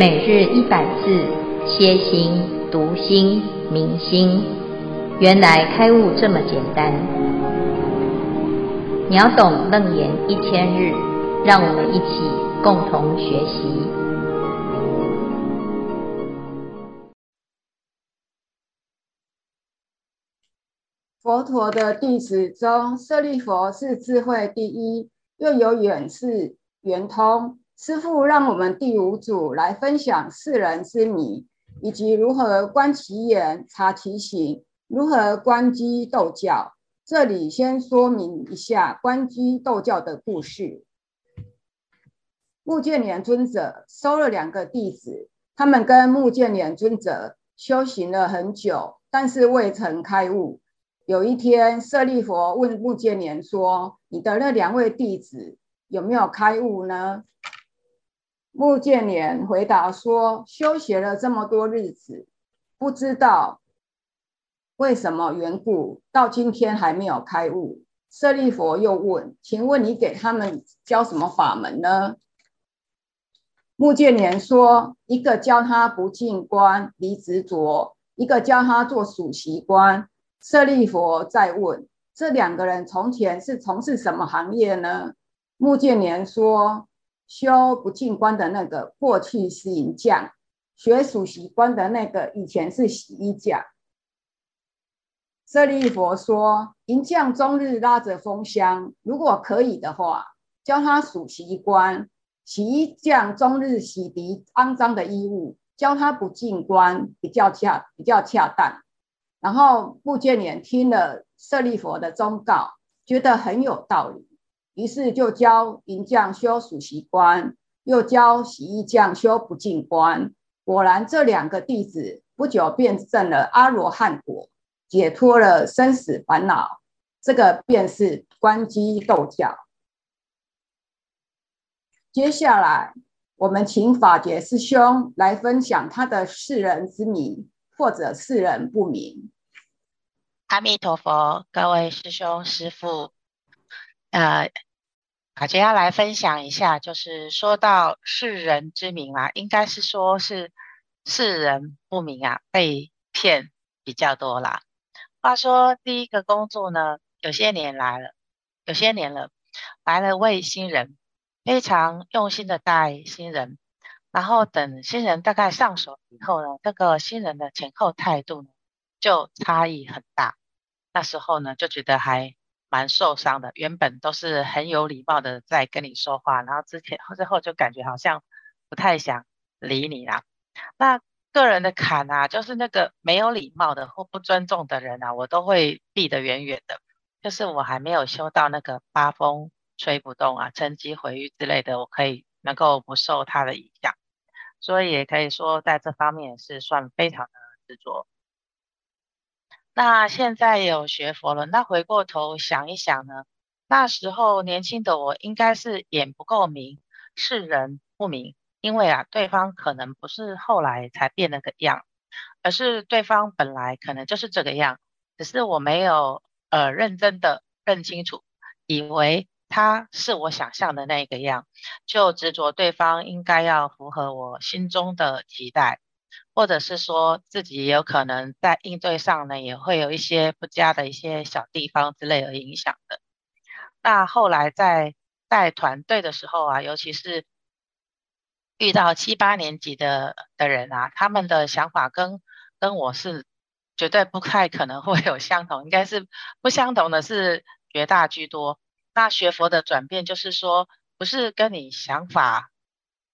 每日一百字，歇心、讀心、明心，原來開悟這麼簡單。秒懂楞嚴一千日，讓我們一起共同學習。佛陀的弟子中，舍利弗是智慧第一，又有遠視、圓通。師父讓我們第五組來分享識人之謎，以及如何觀其言、察其行，如何觀機逗教。這裡先說明一下觀機逗教的故事。目犍連尊者收了兩個弟子，他們跟目犍連尊者修行了很久，但是未曾開悟。有一天，舍利弗問目犍連說：“你的那兩位弟子有沒有開悟呢？”目犍連回答說：“修行了這麼多日子，不知道為什麼緣故，到今天還沒有開悟。”舍利弗又問：“請問你給他們教什麼法門呢？”目犍連說：“一個教他不淨觀，離執着；一個教他做數息觀。”舍利弗再問：“這兩個人從前是從事什麼行業呢？”目犍連說。修不淨觀的那個過去是銀匠，學數息觀的那個以前是洗衣匠。舍利弗說，銀匠終日拉着風箱，如果可以的話，教他數息觀；洗衣匠終日洗滌骯髒的衣物，教他不淨觀，比較恰比較恰當。然後目犍連聽了舍利弗的忠告，覺得很有道理。於是就教銀匠修數息觀，又教洗衣匠修不淨觀。果然，這兩個弟子不久便證了阿羅漢果，解脫了生死煩惱。這個便是觀機逗教。接下來，我們請法覺師兄來分享他的識人之明或者識人不明。阿彌陀佛，各位師兄師父，呃。啊，接下來分享一下，就是說到識人之明啦、啊，應該是說是識人不明啊，被騙比較多啦。話說第一個工作呢，有些年來了，有些年了，來了位新人，非常用心的帶新人，然後等新人大概上手以後呢，這個新人的前後態度呢，就差異很大。那時候呢，就覺得還蠻受傷的，原本都是很有禮貌的在跟你說話，然後之前之後就感覺好像不太想理你啦。那個人的坎啊，就是那個沒有禮貌的或不尊重的人啊，我都會避得遠遠的。就是我還沒有修到那個八風吹不動啊，稱譏毀譽之類的，我可以能夠不受他的影響。所以也可以說，在這方面是算非常的執着。那現在有學佛了，那回過頭想一想呢，那時候年輕的我應該是眼不夠明，識人不明，因為啊，對方可能不是後來才變了個樣，而是對方本來可能就是這個樣，只是我沒有呃認真的認清楚，以為他是我想象的那個樣，就執着對方應該要符合我心中的期待。或者是說自己有可能在應對上呢，也會有一些不佳的一些小地方之類的影響的。那後來在帶團隊的時候啊，尤其是遇到七八年級的的人啊，他們的想法跟跟我是絕對不太可能會有相同，應該是不相同的是絕大居多。那學佛的轉變就是說，不是跟你想法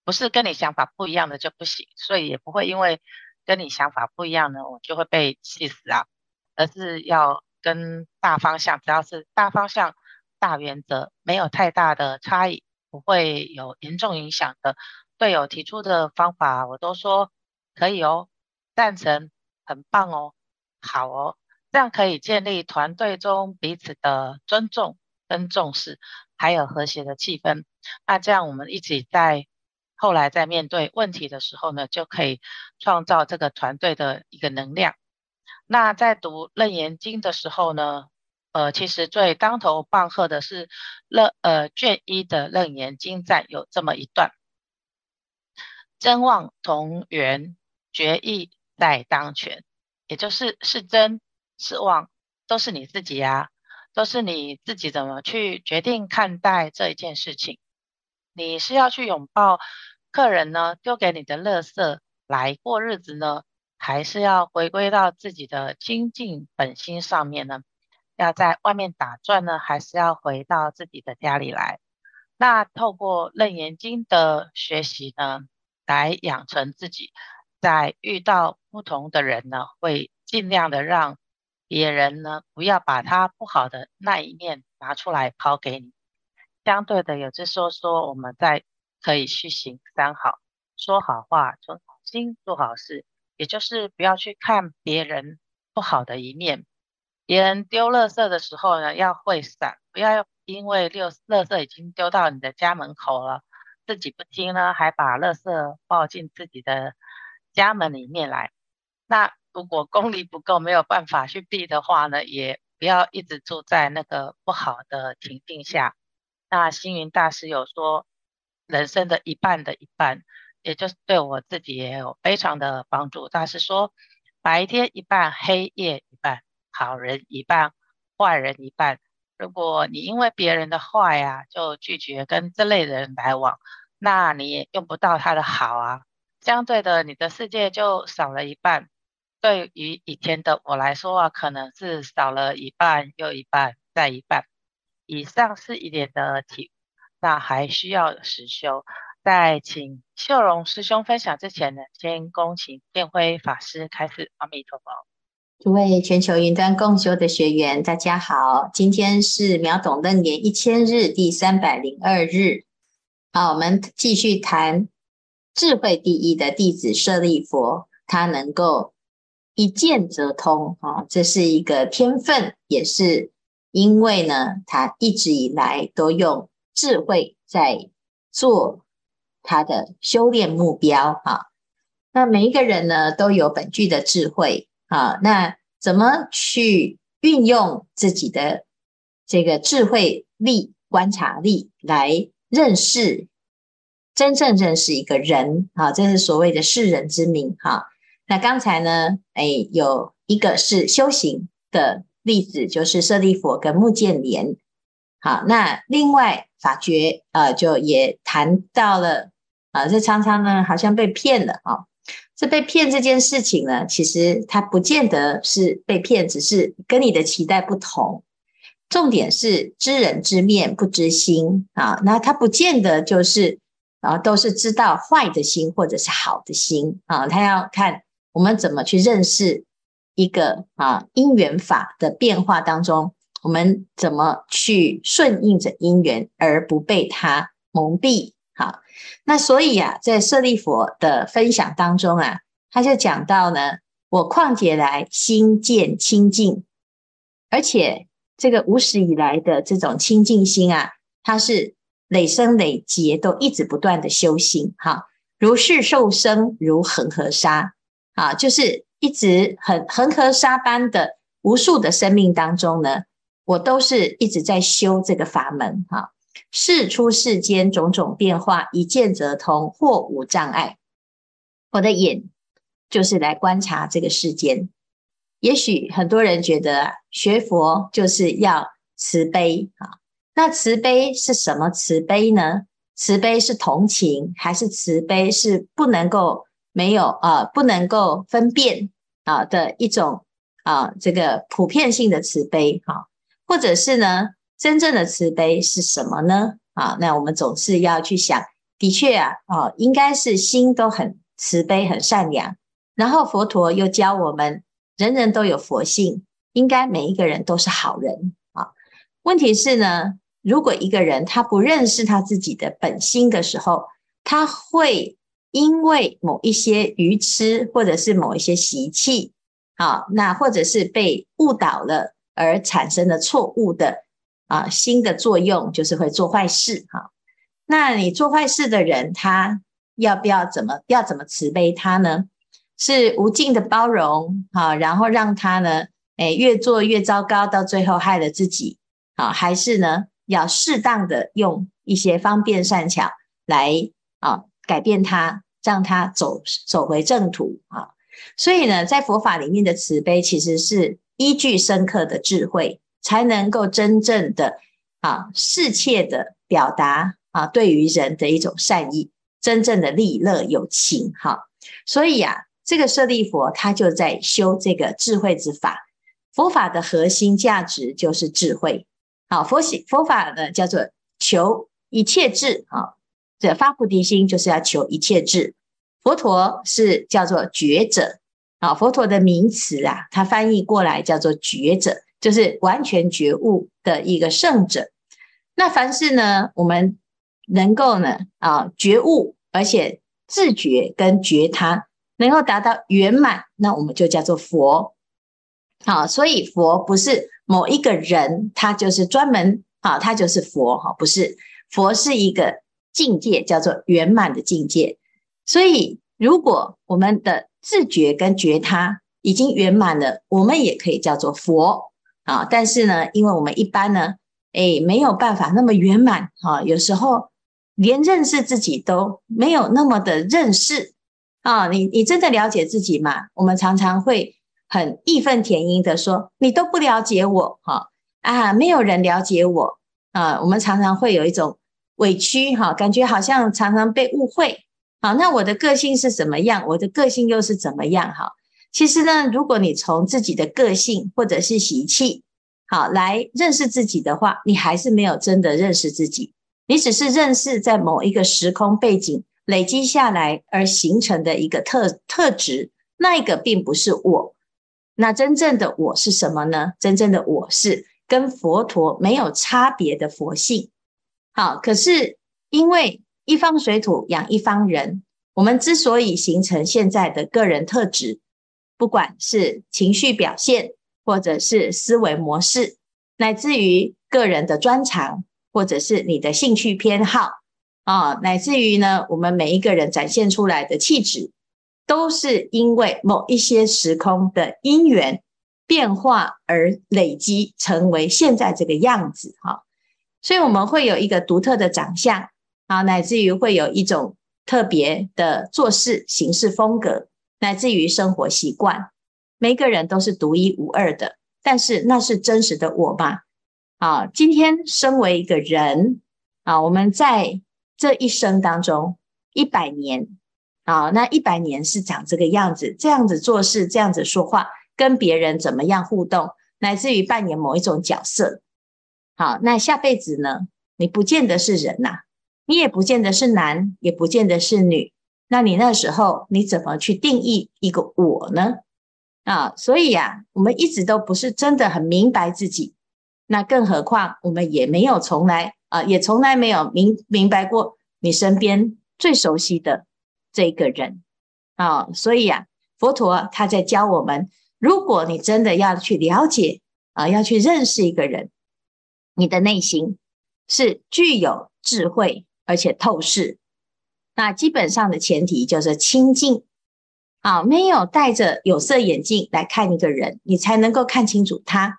不是跟你想法不一樣的就不行，所以也不會因為。跟你想法不一樣呢，我就會被氣死啊！而是要跟大方向，只要是大方向、大原則，沒有太大的差異，不會有嚴重影響的。隊友提出的方法，我都說可以哦，贊成，很棒哦，好哦，這樣可以建立團隊中彼此的尊重跟重視，還有和諧的氣氛。那這樣我們一起在。後來在面對問題的時候呢，就可以創造這個團隊的一個能量。那在讀《楞嚴經》的時候呢，呃，其實最當頭棒喝的是樂，呃，卷一的《楞嚴經》在有這麼一段：真妄同源，決意在當權，也就是是真是妄，都是你自己啊，都是你自己怎麼去決定看待這一件事情。你是要去擁抱客人呢，丟給你的垃圾來過日子呢，還是要回歸到自己的清淨本心上面呢？要在外面打轉呢，還是要回到自己的家裡來？那透過楞嚴經的學習呢，來養成自己，在遇到不同的人呢，會盡量的讓別人呢，不要把他不好的那一面拿出來拋給你。相對的，有只說說，我們在可以去行三好，說好話，存好心，做好事，也就是不要去看別人不好的一面。別人丟垃圾的時候呢，要會閃，不要因為六垃圾已經丟到你的家門口了，自己不聽呢，還把垃圾抱進自己的家門裡面來。那如果功力不夠，沒有辦法去避的話呢，也不要一直住在那個不好的情境下。那星雲大師有說，人生的一半的一半，也就是對我自己也有非常的幫助。大師說，白天一半，黑夜一半，好人一半，壞人一半。如果你因為別人的壞呀、啊，就拒絕跟這類的人來往，那你也用不到他的好啊。相對的，你的世界就少了一半。對於以前的我來說啊，可能是少了一半又一半再一半。以上是一點的題，那還需要實修。在請秀榮師兄分享之前呢，先恭請見輝法師開示。阿彌陀佛，諸位全球雲端共修的學員，大家好，今天是秒懂楞嚴一千日第三百零二日。好、啊，我們繼續談智慧第一的弟子舍利弗，他能夠一見則通啊，這是一個天分，也是。因為呢，他一直以來都用智慧，在做他的修煉目標哈、啊。那每一個人呢，都有本具的智慧啊。那怎麼去運用自己的這個智慧力、觀察力來認識，真正認識一個人啊？這是所謂的識人之明，哈、啊。那剛才呢，哎，有一個是修行的，例子就是舍利弗跟目犍連。好，那另外法訣呃就也談到了啊，這、呃、常常呢好像被騙了啊，這、哦、被騙這件事情呢，其實它不見得是被騙，只是跟你的期待不同。重點是知人知面不知心啊，那它不見得就是啊，都是知道壞的心或者是好的心啊，它要看我們怎麼去認識。一個啊，因緣法的變化當中，我們怎麼去順應着因緣，而不被它蒙蔽？好，那所以啊，在舍利弗的分享當中啊，他就講到呢，我曠劫來心見清淨，而且這個無始以來的這種清淨心啊，它是累生累劫都一直不斷的修行。好，如是受生，如恆河沙啊，就是。一直很恆河沙般的無數的生命當中呢，我都是一直在修這個法門哈。世、啊、出世間種種變化，一見則通，獲無障礙。我的眼就是來觀察這個世間。也許很多人覺得啊，學佛就是要慈悲啊。那慈悲是什麼慈悲呢？慈悲是同情，還是慈悲是不能夠？沒有啊、呃，不能夠分辨啊的一種啊，這個普遍性的慈悲哈、啊，或者是呢，真正的慈悲是什麼呢？啊，那我們總是要去想，的確啊，啊，應該是心都很慈悲、很善良。然後佛陀又教我們，人人都有佛性，應該每一個人都是好人啊。問題是呢，如果一個人他不認識他自己的本心的時候，他會。因為某一些愚癡，或者是某一些習氣，好、啊，那或者是被誤導了而產生的錯誤的啊，心的作用，就是會做壞事哈、啊。那你做壞事的人，他要不要怎麼要怎麼慈悲他呢？是無盡的包容哈、啊，然後讓他呢，哎越做越糟糕，到最後害了自己啊，還是呢要適當的用一些方便善巧來啊改變他。讓他走走回正途啊！所以呢，在佛法裡面的慈悲，其實是依據深刻的智慧，才能夠真正的啊適切的表達啊對於人的一種善意，真正的利樂有情哈、啊！所以呀、啊，這個舍利弗他就在修這個智慧之法。佛法的核心價值就是智慧。好、啊，佛系佛法呢，叫做求一切智。好、啊。這發菩提心就是要求一切智。佛陀是叫做覺者啊、哦，佛陀的名詞啊，它翻譯過來叫做覺者，就是完全覺悟的一個聖者。那凡是呢，我們能夠呢啊、哦、覺悟，而且自覺跟覺他，能夠達到圓滿，那我們就叫做佛。啊、哦，所以佛不是某一個人，他就是專門啊、哦，他就是佛哈、哦，不是，佛是一個。境界叫做圓滿的境界，所以如果我們的自覺跟覺他已經圓滿了，我們也可以叫做佛啊。但是呢，因為我們一般呢，哎，沒有辦法那麼圓滿啊。有時候連認識自己都沒有那麼的認識啊。你你真的了解自己嗎？我們常常會很義憤填膺的說：“你都不了解我哈啊，沒有人了解我啊。”我們常常會有一種。委屈哈，感覺好像常常被誤會。好，那我的個性是怎麼樣？我的個性又是怎麼樣？哈，其實呢，如果你從自己的個性或者是習氣，好，來認識自己的話，你還是沒有真的認識自己。你只是認識在某一個時空背景累積下來而形成的一個特特質，那一個並不是我。那真正的我是什麼呢？真正的我是跟佛陀沒有差別的佛性。好，可是因為一方水土養一方人，我們之所以形成現在的個人特質，不管是情緒表現，或者是思維模式，乃至於個人的專長，或者是你的興趣偏好，啊、哦，乃至於呢，我們每一個人展現出來的氣質，都是因為某一些時空的因緣變化而累積成為現在這個樣子，哈、哦。所以我們會有一個獨特的長相啊，乃至於會有一種特別的做事形式風格，乃至於生活習慣。每個人都是獨一無二的，但是那是真實的我吧？啊，今天身為一個人啊，我們在這一生當中一百年啊，那一百年是長這個樣子，這樣子做事，這樣子說話，跟別人怎麼樣互動，乃至於扮演某一種角色。好，那下輩子呢？你不見得是人吶、啊，你也不見得是男，也不見得是女。那你那時候你怎麼去定義一個我呢？啊，所以呀、啊，我們一直都不是真的很明白自己，那更何況我們也沒有從來啊，也從來沒有明明白過你身邊最熟悉的這個人啊。所以呀、啊，佛陀他在教我們，如果你真的要去了解啊，要去認識一個人。你的內心是具有智慧而且透視，那基本上的前提就是清淨啊，沒有戴着有色眼鏡來看一個人，你才能夠看清楚他。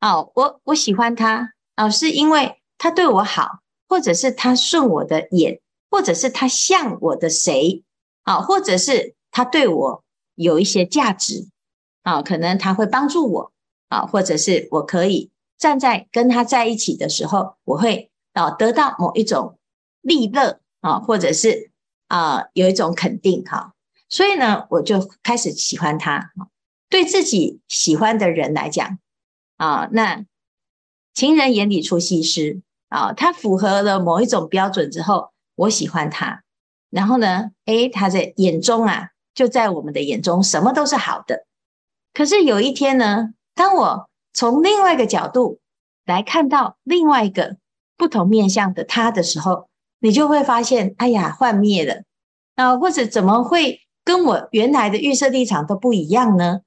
哦，我我喜歡他，啊、哦，是因為他對我好，或者是他順我的眼，或者是他像我的誰，啊、哦，或者是他對我有一些價值，啊、哦，可能他會幫助我，啊、哦，或者是我可以。站在跟他在一起的時候，我會啊得到某一種利樂啊，或者是啊有一種肯定哈，所以呢我就開始喜歡他。對自己喜歡的人來講啊，那情人眼裡出西施啊，他符合了某一種標準之後，我喜歡他。然後呢，誒，他在眼中啊，就在我們的眼中，什麼都是好的。可是有一天呢，當我從另外一個角度來看到另外一個不同面向的他的時候，你就會發現，哎呀，幻滅了，啊，或者怎麼會跟我原來的預設立場都不一樣呢？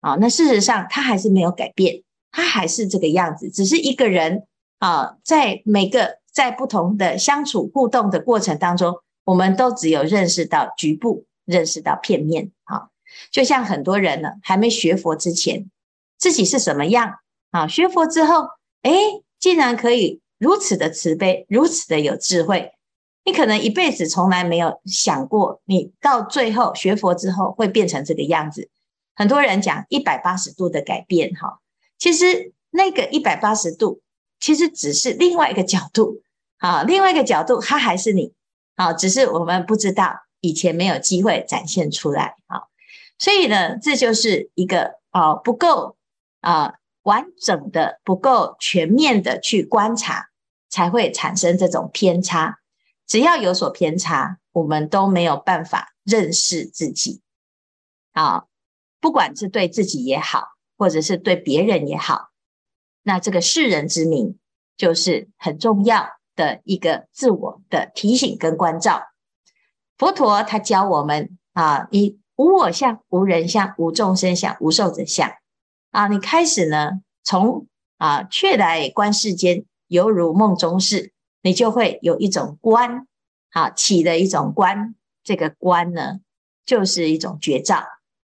啊，那事實上他還是沒有改變，他還是這個樣子，只是一個人啊，在每個在不同的相處互動的過程當中，我們都只有認識到局部，認識到片面啊，就像很多人呢，還沒學佛之前。自己是什麼樣啊？學佛之後，哎，竟然可以如此的慈悲，如此的有智慧。你可能一輩子從來沒有想過，你到最後學佛之後會變成這個樣子。很多人講一百八十度的改變，哈，其實那個一百八十度，其實只是另外一個角度，啊，另外一個角度，它還是你，啊，只是我們不知道，以前沒有機會展現出來，啊，所以呢，這就是一個啊，不夠。啊、呃，完整的不夠全面的去觀察，才會產生這種偏差。只要有所偏差，我們都沒有辦法認識自己啊，不管是對自己也好，或者是對別人也好，那這個識人之明就是很重要的一個自我的提醒跟關照。佛陀他教我們啊、呃，以無我相、無人相、無眾生相、無壽者相。啊，你開始呢，從啊，卻來觀世間，猶如夢中事，你就會有一種觀，啊，起了一種觀。這個觀呢，就是一種覺照。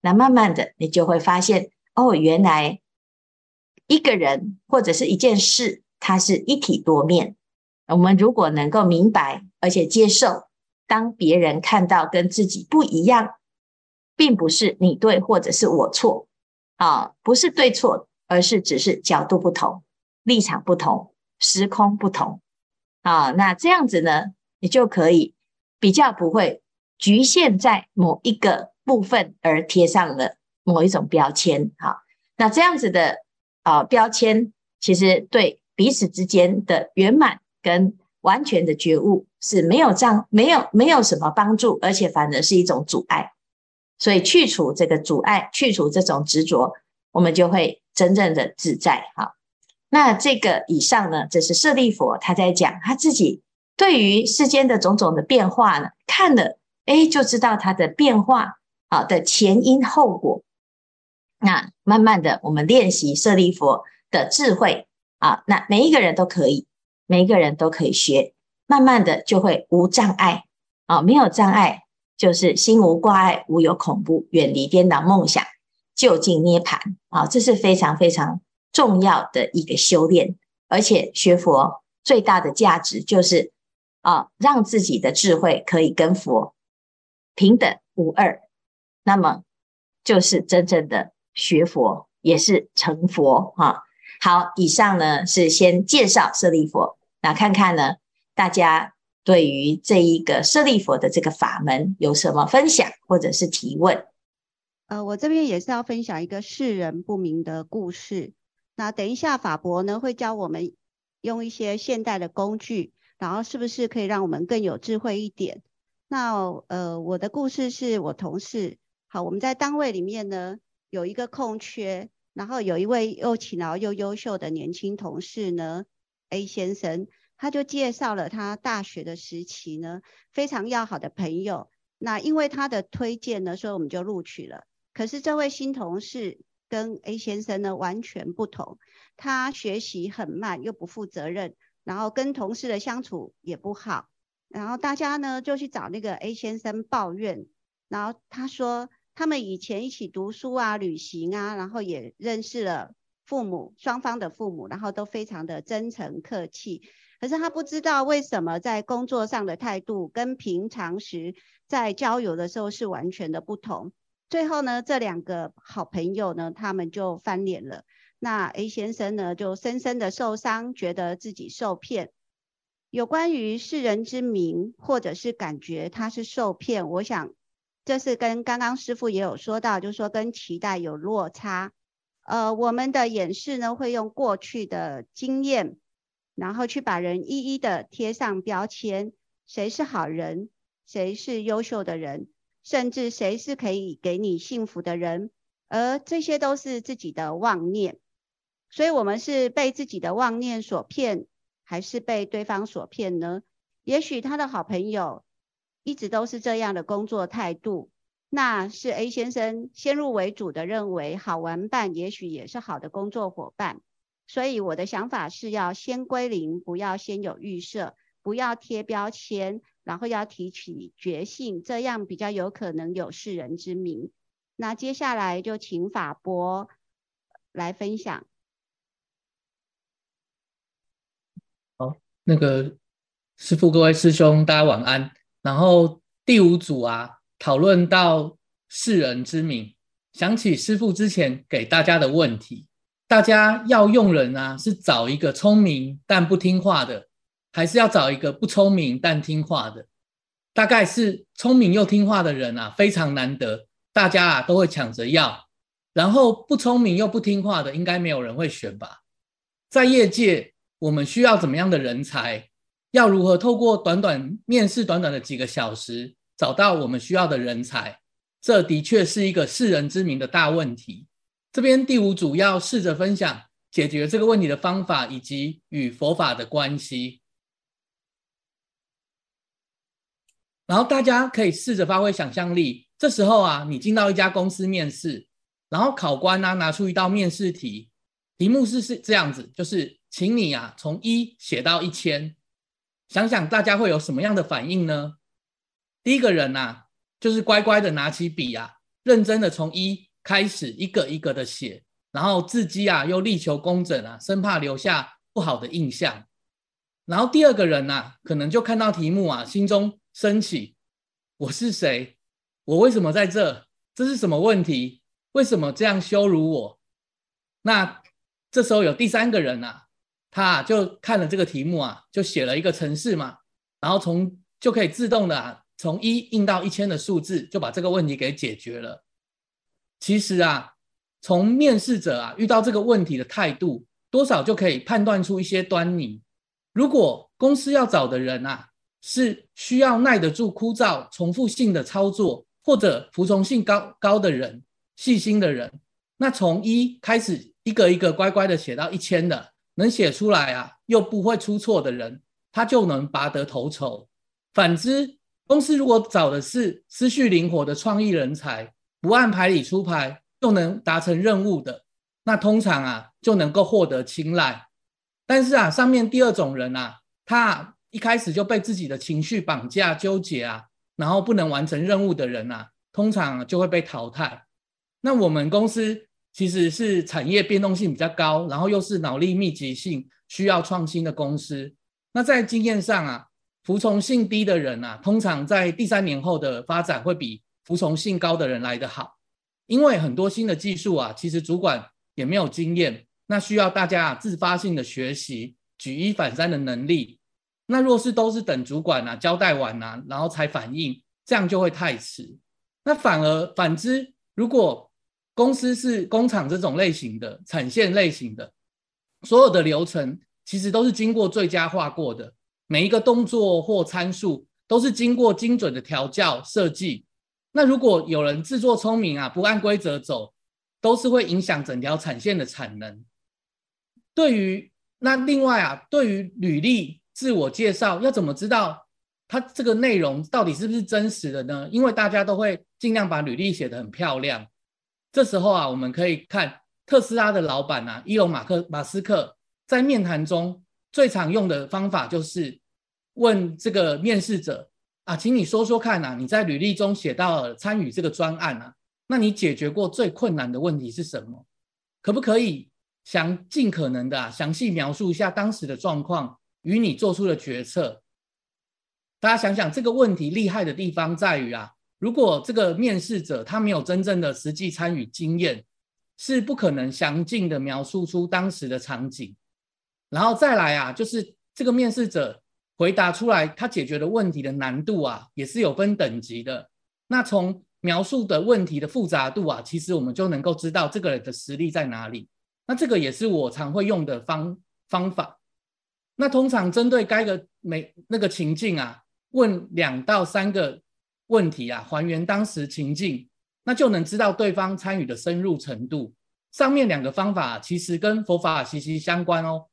那慢慢的，你就會發現，哦，原來一個人或者是一件事，它是一體多面。我們如果能夠明白而且接受，當別人看到跟自己不一樣，並不是你對或者是我錯。啊、哦，不是對錯，而是只是角度不同、立場不同、時空不同啊、哦。那這樣子呢，你就可以比較不會局限在某一個部分而貼上了某一種標籤。哈、哦，那這樣子的啊、呃，標籤其實對彼此之間的圓滿跟完全的覺悟是沒有障、沒有沒有什麼幫助，而且反而是一種阻礙。所以去除這個阻礙，去除這種執着，我們就會真正的自在。哈，那這個以上呢，這是舍利弗他在講他自己對於世間的種種的變化呢，看了哎就知道它的變化，好的前因後果。那慢慢的我們練習舍利弗的智慧啊，那每一個人都可以，每一個人都可以學，慢慢的就會無障礙，啊，沒有障礙。就是心無掛礙，無有恐怖，遠離顛倒夢想，究竟涅槃。啊，這是非常非常重要的一個修煉。而且學佛最大的價值就是，啊，讓自己的智慧可以跟佛平等無二。那麼，就是真正的學佛，也是成佛啊。好，以上呢是先介紹舍利弗。那看看呢，大家。對於這一個舍利弗的這個法門有什麼分享或者是提問？呃，我這邊也是要分享一個識人不明的故事。那等一下法伯呢會教我們用一些現代的工具，然後是不是可以讓我們更有智慧一點？那呃，我的故事是我同事。好，我們在單位裡面呢有一個空缺，然後有一位又勤勞又優秀的年輕同事呢，A 先生。他就介紹了他大學的時期呢，非常要好的朋友。那因為他的推薦呢，所以我們就錄取了。可是這位新同事跟 A 先生呢完全不同，他學習很慢，又不負責任，然後跟同事的相處也不好。然後大家呢就去找那個 A 先生抱怨。然後他說他們以前一起讀書啊、旅行啊，然後也認識了。父母雙方的父母，然後都非常的真誠客氣，可是他不知道為什麼在工作上的態度跟平常時在交友的時候是完全的不同。最後呢，這兩個好朋友呢，他們就翻臉了。那 A 先生呢，就深深的受傷，覺得自己受騙。有關於識人之明，或者是感覺他是受騙，我想這是跟剛剛師父也有說到，就是說跟期待有落差。呃，我們的眼識呢，會用過去的經驗，然後去把人一一地貼上標籤，誰是好人，誰是優秀的人，甚至誰是可以給你幸福的人，而這些都是自己的妄念，所以我們是被自己的妄念所騙，還是被對方所騙呢？也許他的好朋友一直都是這樣的工作態度。那是 A 先生先入為主的認為，好玩伴也許也是好的工作夥伴，所以我的想法是要先歸零，不要先有預設，不要貼標籤，然後要提起覺性，這樣比較有可能有識人之明。那接下來就請法波來分享。好，那個師父、各位師兄大家晚安。然後第五組啊。討論到識人之明，想起師父之前給大家的問題，大家要用人啊，是找一個聰明但不聽話的，還是要找一個不聰明但聽話的？大概是聰明又聽話的人啊，非常難得，大家啊都會搶着要。然後不聰明又不聽話的，應該沒有人會選吧？在業界，我們需要怎麼樣的人才？要如何透過短短面試，短短的幾個小時？找到我們需要的人才，這的確是一個識人之明的大問題。這邊第五組要試着分享解決這個問題的方法以及與佛法的關係。然後大家可以試着發揮想象力。這時候啊，你進到一家公司面試，然後考官呢、啊、拿出一道面試題，題目是是這樣子，就是請你啊從一寫到一千，想想大家會有什麼樣的反應呢？第一個人吶、啊，就是乖乖的拿起筆啊，認真的從一開始一個一個的寫，然後字跡啊又力求工整啊，生怕留下不好的印象。然後第二個人吶、啊，可能就看到題目啊，心中升起：我是誰？我為什麼在這？這是什麼問題？為什麼這樣羞辱我？那這時候有第三個人吶、啊，他就看了這個題目啊，就寫了一個程式嘛，然後從就可以自動的、啊。1> 從一印到一千的數字，就把這個問題給解決了。其實啊，從面試者啊遇到這個問題的態度，多少就可以判斷出一些端倪。如果公司要找的人啊，是需要耐得住枯燥、重複性的操作，或者服從性高高的人、細心的人，那從一開始一個一個乖乖的寫到一千的，能寫出來啊又不會出錯的人，他就能拔得頭籌。反之，公司如果找的是思緒靈活的創意人才，不按牌理出牌又能達成任務的，那通常啊就能夠獲得青睞。但是啊，上面第二種人啊，他一開始就被自己的情緒綁架、糾結啊，然後不能完成任務的人啊，通常就會被淘汰。那我們公司其實是產業變動性比較高，然後又是腦力密集性需要創新的公司，那在經驗上啊。服從性低的人啊，通常在第三年後的發展會比服從性高的人來得好，因為很多新的技術啊，其實主管也沒有經驗，那需要大家自發性的學習、舉一反三的能力。那若是都是等主管啊交代完啊，然後才反應，這樣就會太遲。那反而反之，如果公司是工廠這種類型的、產線類型的，所有的流程其實都是經過最佳化過的。每一個動作或參數都是經過精準的調教設計。那如果有人自作聰明啊，不按規則走，都是會影響整條產線的產能。對於那另外啊，對於履歷、自我介紹，要怎麼知道它這個內容到底是不是真實的呢？因為大家都會盡量把履歷寫得很漂亮。這時候啊，我們可以看特斯拉的老闆啊，伊隆·馬克·馬斯克在面談中，最常用的方法就是問這個面試者啊，請你說說看啊，你在履歷中寫到了參與這個專案啊，那你解決過最困難的問題是什麼？可不可以詳盡可能的，啊，詳細描述一下當時的狀況與你做出的決策？大家想想這個問題厲害的地方在於啊，如果這個面試者他沒有真正的實際參與經驗，是不可能詳盡的描述出當時的場景。然後再來啊，就是這個面試者回答出來他解決的問題的難度啊，也是有分等級的。那從描述的問題的複雜度啊，其實我們就能夠知道這個人的實力在哪裡。那這個也是我常會用的方方法。那通常針對該個每那個情境啊，問兩到三個問題啊，還原當時情境，那就能知道對方參與的深入程度。上面兩個方法其實跟佛法息息相關哦。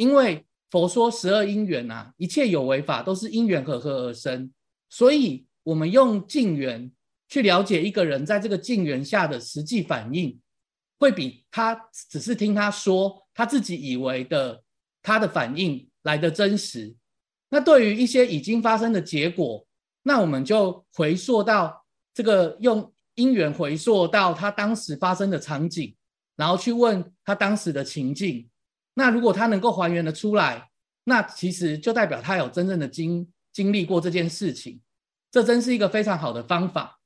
因為佛說十二因緣啊，一切有為法都是因緣和合而生，所以我們用境緣去了解一個人在這個境緣下的實際反應，會比他只是聽他說他自己以為的他的反應來得真實。那對於一些已經發生的結果，那我們就回溯到這個用因緣回溯到他當時發生的場景，然後去問他當時的情境。那如果他能夠還原得出來，那其實就代表他有真正的經經歷過這件事情，這真是一個非常好的方法。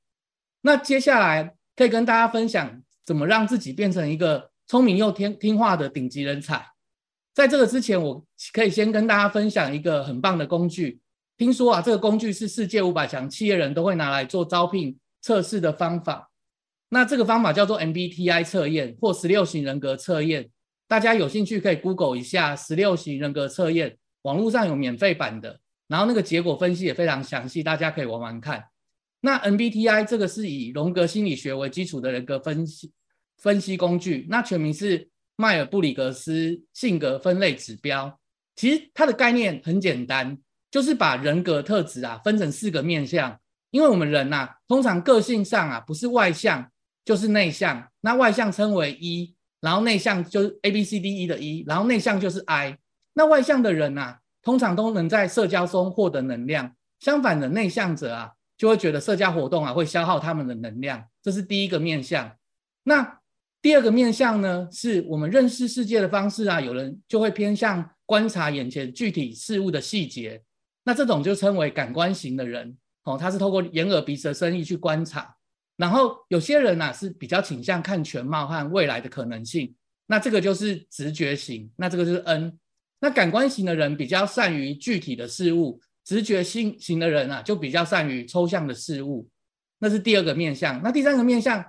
那接下來可以跟大家分享怎麼讓自己變成一個聰明又聽聽話的頂級人才。在這個之前，我可以先跟大家分享一個很棒的工具。聽說啊，這個工具是世界五百強企業人都會拿來做招聘測試的方法。那這個方法叫做 MBTI 測驗或十六型人格測驗。大家有興趣可以 Google 一下十六型人格測驗，網絡上有免費版的，然後那個結果分析也非常詳細，大家可以玩玩看。那 MBTI 這個是以榮格心理學為基礎的人格分析分析工具，那全名是邁爾布里格斯性格分類指標。其實它的概念很簡單，就是把人格特質啊分成四個面向，因為我們人吶、啊、通常個性上啊不是外向就是內向，那外向稱為一、E。然後內向就是 A B C D E 的 E，然後內向就是 I。那外向的人啊，通常都能在社交中獲得能量。相反的，內向者啊，就會覺得社交活動啊會消耗他們的能量。這是第一個面向。那第二個面向呢，是我們認識世界的方式啊。有人就會偏向觀察眼前具體事物的細節。那這種就稱為感官型的人哦，他是透過眼耳鼻舌身意去觀察。然後有些人吶、啊、是比較傾向看全貌和未來的可能性，那這個就是直覺型，那這個就是 N。那感官型的人比較善於具體的事物，直覺型的人啊就比較善於抽象的事物，那是第二個面向。那第三個面向，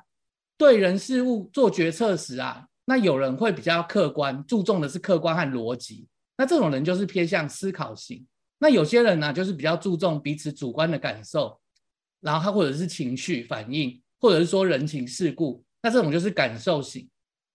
對人事物做決策時啊，那有人會比較客觀，注重的是客觀和邏輯，那這種人就是偏向思考型。那有些人啊，就是比較注重彼此主觀的感受。然後他或者是情緒反應，或者是說人情世故，那這種就是感受型。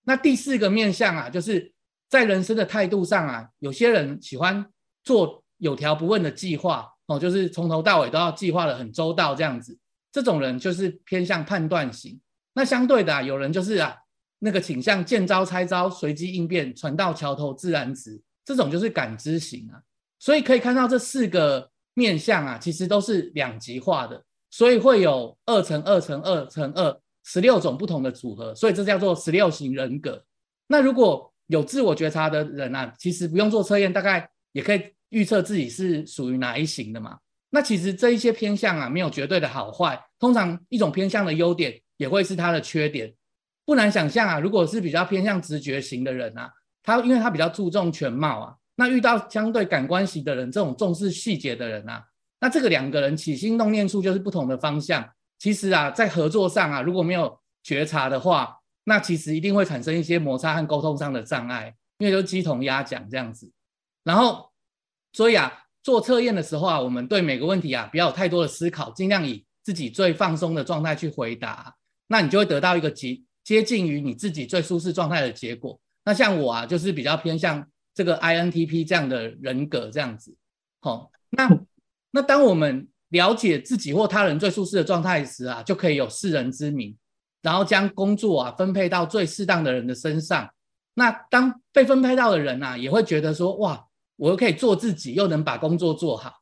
那第四個面向啊，就是在人生的態度上啊，有些人喜歡做有條不紊的計劃哦，就是從頭到尾都要計劃得很周到這樣子。這種人就是偏向判斷型。那相對的啊，有人就是啊，那個傾向見招拆招、隨機應變、船到橋頭自然直，這種就是感知型啊。所以可以看到這四個面向啊，其實都是兩極化的。所以會有二乘二乘二乘二，十六種不同的組合，所以這叫做十六型人格。那如果有自我覺察的人啊，其實不用做測驗，大概也可以預測自己是屬於哪一型的嘛。那其實這一些偏向啊，沒有絕對的好壞。通常一種偏向的優點，也會是它的缺點。不難想象啊，如果是比較偏向直覺型的人啊，他因為他比較注重全貌啊，那遇到相對感官型的人，這種重視細節的人啊。那這個兩個人起心動念處就是不同的方向。其實啊，在合作上啊，如果沒有覺察的話，那其實一定會產生一些摩擦和溝通上的障礙，因為都雞同鴨講這樣子。然後，所以啊，做測驗的時候啊，我們對每個問題啊，不要有太多的思考，盡量以自己最放鬆的狀態去回答，那你就會得到一個極接近於你自己最舒適狀態的結果。那像我啊，就是比較偏向這個 INTP 這樣的人格這樣子。好、哦，那。那當我們了解自己或他人最舒適的狀態時啊，就可以有知人之明，然後將工作啊分配到最適當的人的身上。那當被分配到的人啊，也會覺得說：哇，我又可以做自己，又能把工作做好。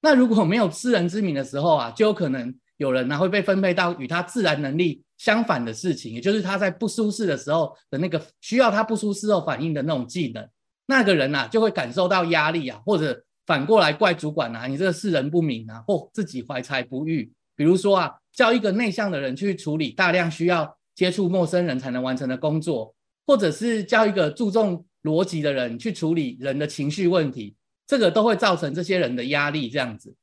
那如果沒有知人之明的時候啊，就有可能有人呢、啊、會被分配到與他自然能力相反的事情，也就是他在不舒適的時候的那個需要他不舒適後反應的那種技能。那個人啊就會感受到壓力啊，或者。反過來怪主管啊，你這個識人不明啊，或自己懷才不遇。比如說啊，叫一個內向的人去處理大量需要接觸陌生人才能完成的工作，或者是叫一個注重邏輯的人去處理人的情緒問題，這個都會造成這些人的壓力。這樣子，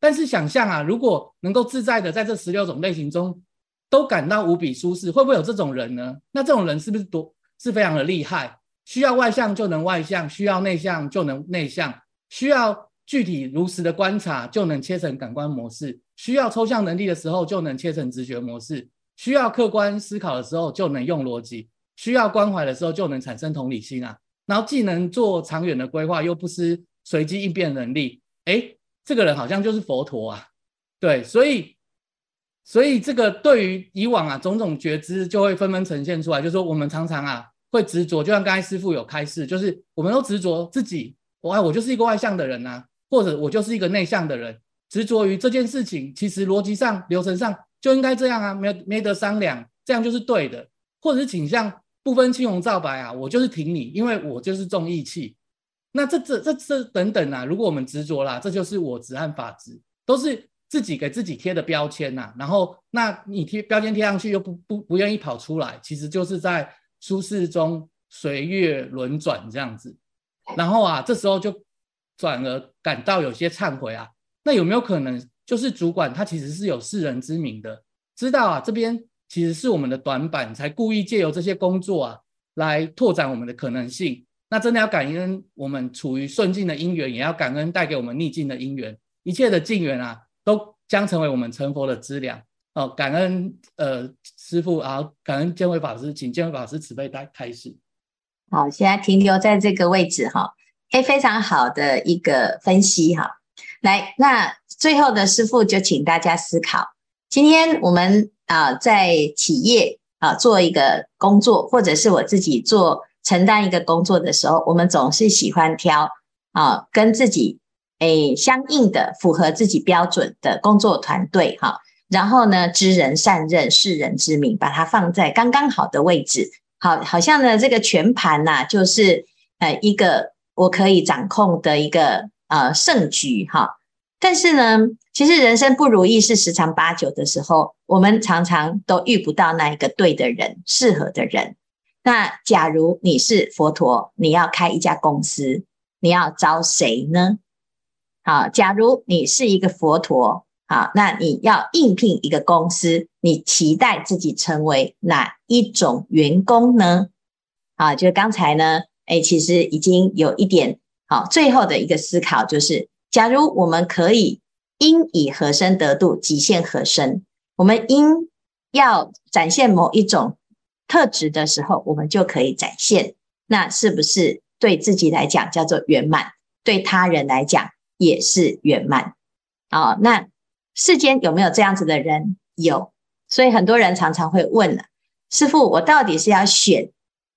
但是想象啊，如果能夠自在的在這十六種類型中都感到無比舒適，會不會有這種人呢？那這種人是不是多是非常的厲害？需要外向就能外向，需要內向就能內向。需要具體如實的觀察，就能切成感官模式；需要抽象能力的時候，就能切成直覺模式；需要客觀思考的時候，就能用邏輯；需要關懷的時候，就能產生同理心啊。然後既能做長遠的規劃，又不失隨機應變能力。哎，這個人好像就是佛陀啊。對，所以，所以這個對於以往啊種種覺知就會紛紛呈現出來，就是說我們常常啊會執着，就像剛才師父有開示，就是我們都執着自己。我哎，我就是一個外向的人吶、啊，或者我就是一個內向的人，執着於這件事情，其實邏輯上、流程上就應該這樣啊，沒沒得商量，這樣就是對的，或者是傾向不分青紅皂白啊，我就是挺你，因為我就是重義氣。那這這這這等等啊，如果我們執着啦、啊，這就是我執和法執，都是自己給自己貼的標籤吶、啊。然後，那你貼標籤貼上去又不不不願意跑出來，其實就是在舒適中隨業輪轉這樣子。然後啊，這時候就轉而感到有些懺悔啊。那有沒有可能，就是主管他其實是有識人之明的，知道啊這邊其實是我們的短板，才故意借由這些工作啊來拓展我們的可能性。那真的要感恩我們處於順境的因緣，也要感恩帶給我們逆境的因緣，一切的境緣啊都將成為我們成佛的資糧。哦，感恩呃師父啊，然後感恩見輝法師，請見輝法師慈悲開開始。好，現在停留在這個位置哈，哎，非常好的一個分析哈。來，那最後的師傅就請大家思考，今天我們啊在企業啊做一個工作，或者是我自己做承擔一個工作的時候，我們總是喜歡挑啊跟自己誒相應的、符合自己標準的工作團隊哈，然後呢知人善任、識人之明，把它放在剛剛好的位置。好，好像呢，這個全盤吶、啊，就是呃一個我可以掌控的一個呃勝局哈。但是呢，其實人生不如意事十常八九的時候，我們常常都遇不到那一個對的人、適合的人。那假如你是佛陀，你要開一家公司，你要招誰呢？好、啊，假如你是一個佛陀。好，那你要應聘一個公司，你期待自己成為哪一種員工呢？好，就剛才呢，哎，其實已經有一點，好，最後的一個思考就是，假如我們可以應以何身得度，即現何身，我們應要展現某一種特質的時候，我們就可以展現。那是不是對自己來講叫做圓滿？對他人來講也是圓滿？哦，那。世間有沒有這樣子的人？有，所以很多人常常會問了：師父，我到底是要選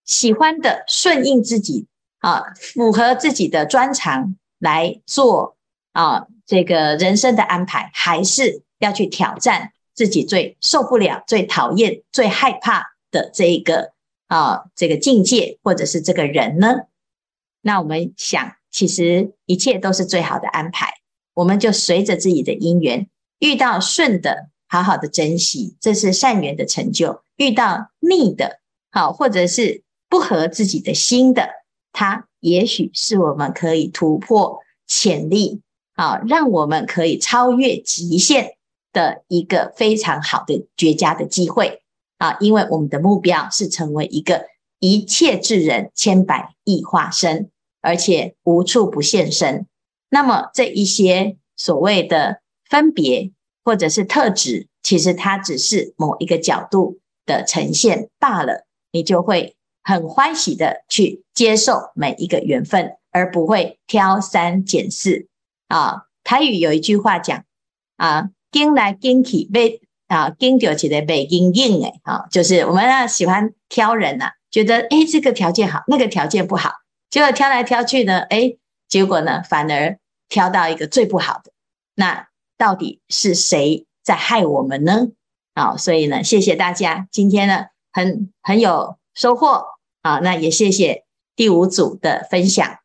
喜歡的、順應自己啊、符合自己的專長來做啊，這個人生的安排，還是要去挑戰自己最受不了、最討厭、最害怕的這一個啊這個境界，或者是這個人呢？那我們想，其實一切都是最好的安排，我們就隨着自己的因緣。遇到順的好好的珍惜，這是善緣的成就；遇到逆的好，或者是不合自己的心的，它也許是我們可以突破潛力，啊，讓我們可以超越極限的一個非常好的絕佳的機會啊！因為我們的目標是成為一個一切智人，千百億化身，而且無處不現身。那麼這一些所謂的。分別或者是特質，其實它只是某一個角度的呈現罷了。你就會很歡喜的去接受每一個緣分，而不會挑三揀四啊。台語有一句話講啊：“揀來揀去，啊，揀到一個賣龍眼的，哎啊”，就是我們啊喜歡挑人呢、啊，覺得誒這個條件好，那個條件不好，結果挑來挑去呢，誒結果呢反而挑到一個最不好的那。到底是誰在害我們呢？好，所以呢，謝謝大家，今天呢，很很有收穫，好，那也謝謝第五組的分享。